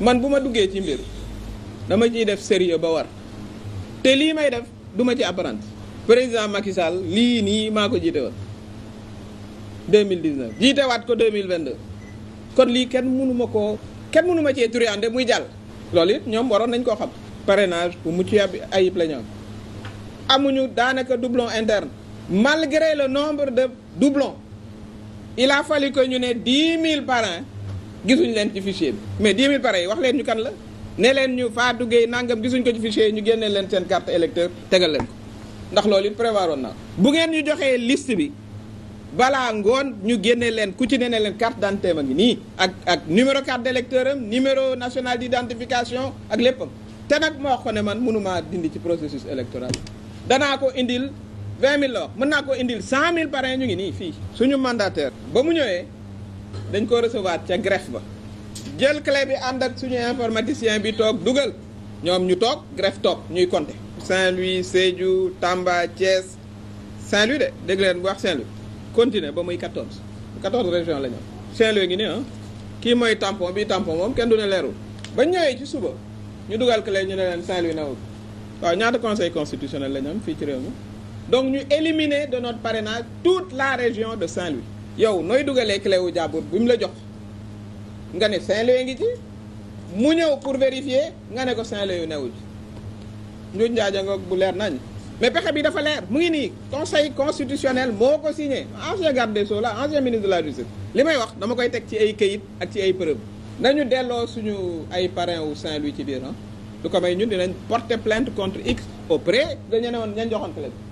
man bu ma duggee ci mbir dama ciy def sérieux ba war te lii may def duma ci apparente président Macky Sall lii nii maa ko jiite woon 2019 jiitewaat ko 2022 kon lii kenn mënuma ko kenn mënuma ma cee turiande muy jàll loolu it ñoom waroon nañ koo xam parrainage bu mucc ayib la ñoom amuñu daanaka doublon interne malgré le nombre de doublons il a fallu ñu ne 10 000 parrains gisuñu leen ci fichier bi mais 10 000 pare yi wax leen ñu kan la ne leen ñu faa duggee nangam gisuñ ko ci fichier yi ñu génnee leen seen carte électeur tegal leen ko ndax loolu it prévoir woon naa bu ngeen ñu joxee list bi balaa ngoon ñu génnee leen ku ci ne ne leen carte d'identité ma ngi nii ak ak numéro carte d'électeur am numéro national d'identification ak léppam te nag ma wax ko ne man mënumaa dindi ci processus électoral danaa ko indil 20 000 mën naa ko indil 100 000 parrain ñu ngi nii fii suñu mandataire ba mu ñëwee dañ ko recevoir ca greffe ba jël clé bi ànd ak suñu informaticien bi toog dugal ñoom ñu toog greffe toog ñuy compter. Saint-Louis Sédhiou Tamba Thiès Saint-Louis de dégg leen bu wax Saint-Louis continuer ba muy 14 14 régions la ñu am Saint-Louis ngi ne ah kii mooy tampon bi tampon moom kenn du ne leeru ba ñëwee ci suba ñu dugal clé ñu ne leen Saint-Louis newul waaw ñaata conseil constitutionnel la ñu am fii ci réew mi donc ñu éliminer de notre parrainage toute la région de Saint-Louis. yow nooy dugalee clé wu jàmbur bi mu la jox nga ne Saint-Louis ngi ci mu ñëw pour vérifier nga ne ko Saint-Louis newu ci njuñ njaaja nga bu leer nañ mais pexe bi dafa leer mu ngi nii conseil constitutionnel moo ko signé ancien garde des Sceaux la ministre de la justice li may wax dama koy teg ci ay kayit ak ci ay na ñu delloo suñu ay parrain wu Saint-Louis ci biir ah lu ko may ñun nañ porter plainte contre X auprès dañu ne woon ñañ joxoon clé bi